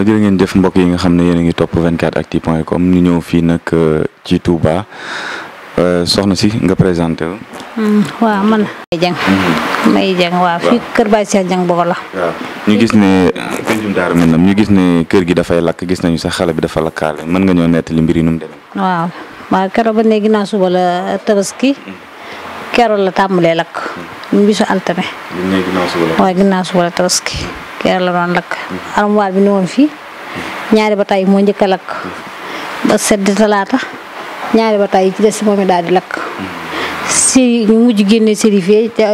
waaw jërë ngeen jëf mbokk yi nga xam ne yéen a ngi topp 24actu point com ñu ñëw fii nag euh, ci Touba euh, soxna si nga présenté wu. Hmm, waaw man May Dieng. Hmm. May Dieng waaw fii kër Baye Cheikh Dieng boobu la. waaw ñu gis ne Pencum Daaru Minam ñu gis ne kër gi dafay lakk gis nañu sax xale bi dafa lakkaale mën nga ñoo nettali mbir yi nu mu demee. waaw waaw keroog ba léegi naa suba la tabaski keroog la tàmbalee lakk. ñu hmm. bisu altine. waaw ginnaaw suba la tabaski. keroog la doon lakk armoire bi ne woon fii ñaari bataay moo njëkk lakk ba sedd talaata ñaari ba yi ci des moom daal di lakk si ñu mujj génne séri fee ca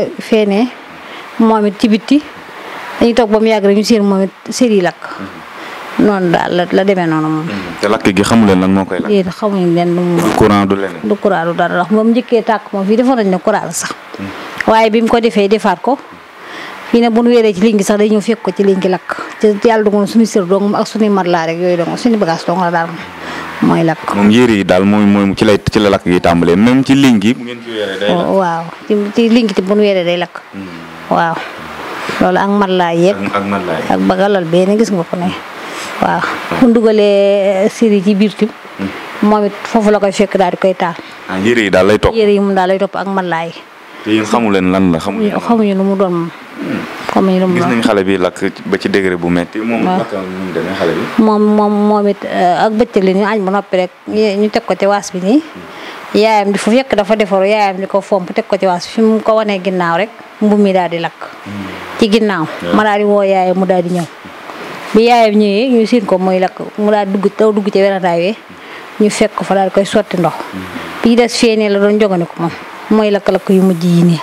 moom it ci bitti dañuy toog ba mu yàgg rek ñu seen moom it séri lakk noonu daal la la demee noonu moom. Mm-hmm. te lakk gi xamu leen lan leen du courant du leneen. du courant du dara ndax moom njëkkee tàkk moom fii defoon nañ ne courant sax. Mm-hmm. waaye bi mu ko defee defaat ko. fii nag bu nu weeree ci ligne sax day ñëw fekk ko ci ligne gi lakk te yàlla dogoon suñu sër dong ak suñu matelas rek yooyu dong suñu bagage dong la daal mooy lakk. moom yére yi daal mooy mooy ci ci la lakk gi tàmbalee même ci ligne gi. ci weeree day weeree day lakk. waaw hmm. ak matelas yeeg. ak matelas yeeg ak bagalal benn gis nga ko waaw hmm. bu ñu dugalee ci biir tim hmm. moom it la koy fekk daal di koy taal. ah yére yi daal lay topp yére yi moom daal lay topp ak matelas yi. te yéen xamu leen lan la xamuñu. xamuñu lu mu doon moom. xamuñu lu mu doon gis nañ xale bi lakk ba ci degré bu metti moom lakk mu moom moom moom it euh, ak bëccëg li ñu añ ba noppi rek ñu teg ko ci waas bi nii. yaayam di fu fekk dafa defaru yaayam di ko fomp teg ko ci waas fi mu ko wanee ginnaaw rek mbubb mi daal di lakk. Hmm. ci ginnaaw. ma daal di woo yaayam mu daal di ñëw. bi yaayam ñëwee ñu siin ko mooy lakk mu daal dugg taw dugg ci wenataay wi ñu fekk ko fa di koy sotti ndox. Hmm. bi des fee la doon ko moom. mooy lakk-lakk yu mujj yi nii.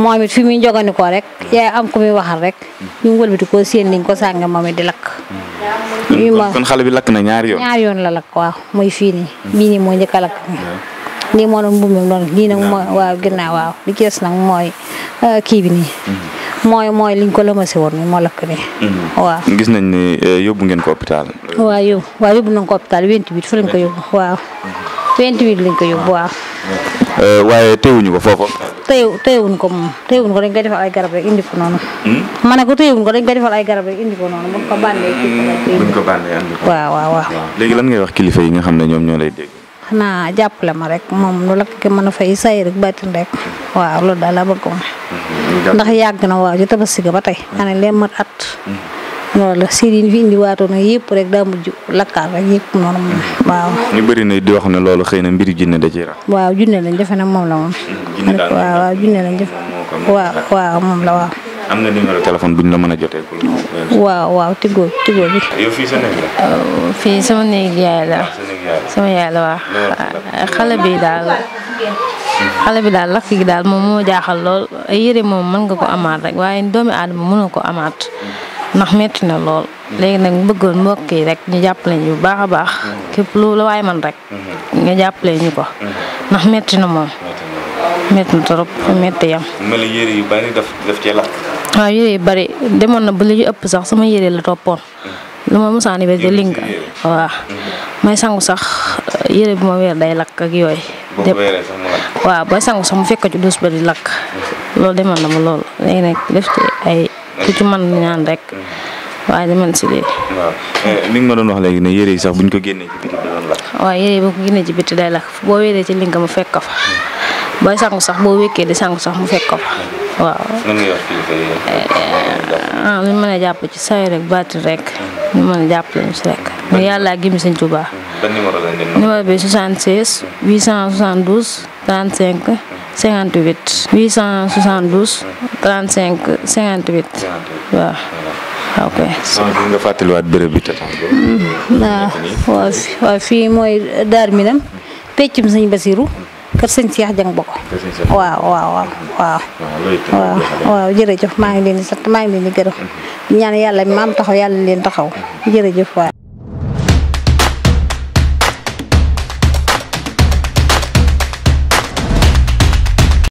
moom it fi muy njogani ko rek yaay am ku muy waxal rek ñu wëlbati ko seen liñ ko sànga moom it di lakk. kon xale bi lakk na ñaari yoon la lakk waaw mooy fii nii. mooy nii moo njëkk a lakk. nii moo doon mbuum noonu mooy waaw ginnaaw waaw li ci des mooy euh, kii bi nii. Mm-hmm. mooy mooy liñ ko lëmase woon moo lakk nii. Mm-hmm. waaw gis nañ ni euh, yóbbu ngeen ko hôpital. waaw yóbbu waaw yóbbu nañ ko hôpital 28 fa mm-hmm. lañ ko yóbbu waaw. waaw. Eh, waaye téyewuñu ko foofu. te téyewuñ ko moom téyewuñ ko dañ koy defal ay garab rek indi ko noonu. Hmm? ma ne ko téyewuñ ko dañ koy defal ay garab rek indi ko noonu buñ ko bànnee. buñ ko waaw waaw waaw. léegi wax kilifa yi nga xam ne ñoom ñoo lay dégg. xanaa jàppale ma rek moom lu la ko mën a fay say rek baatin rek waaw loolu daal laa bëgg hmm, hmm, ndax yàgg na waaw ci tabaski ba tey. ma ne leen mat at. noonu la si liñ fi indiwaatoo nag yëpp rek daa mujj lakkaal rek yëpp noonu waaw. ñu bëri na di wax na mbiri junne waaw junne lañ moom la moom. junne daal mën a jotee. waaw waaw oh, fii sama néeg yaay la. sama yaay la waaw. Ah, xale bi daal xale daal lakk gi daal moom moo jaaxal lool yére moom mën nga ko amaat rek waaye doomi aadama mënoo ko amaat. ndax metti na lool. léegi nag mu bëggoon mbokk yi rek ñu jàppale ñu bu baax a baax. képp lu la waay man rek. Mm-hmm. nga jàppale ñu ko. Mm-hmm. ndax metti na moom. metti na trop metti yam. bari demoon na ba li ñu ëpp sax sama yére la toppoon. Mm-hmm. lu ma musaani ba li nga sangu sax eh, yére bi ma weer day lakk ak yooyu. boo waaw booy sangu sax mu fekk ci douche lakk. loolu demoon na ma nag def ci ay ku ci man ñaan rek waaye dama si lii. waaw eh, ma doon wax léegi ne yére yi sax buñ ko génnee ci biti day lakk. waaw yére yi bu ko génnee ci biti day lakk boo wéree ci linga mu fekk ko fa booy sangu sax boo wékkee di sangu sax mu fekk ko fa waaw. lan ngay wax kilifa mën a jàpp ci saa rek baati rek. mu mën jàpp lañu si rek. mu yàlla gimi sëñ Tuubaa. ban numéro lañ leen numéro bi 76 872 35. 58 872 35 58 waaw ok donc nga fàttaliwaat béréb hmm. waaw waaw waaw fii mooy daar minam peccum sëñ Basiru kër sëñ Seex Jang bokk waaw waaw waaw waaw waaw jërëjëf maa ngi leen di sant maa ngi leen di gërëm hmm. ñaan yàlla maam taxaw yàlla leen taxaw hmm. jërëjëf waaw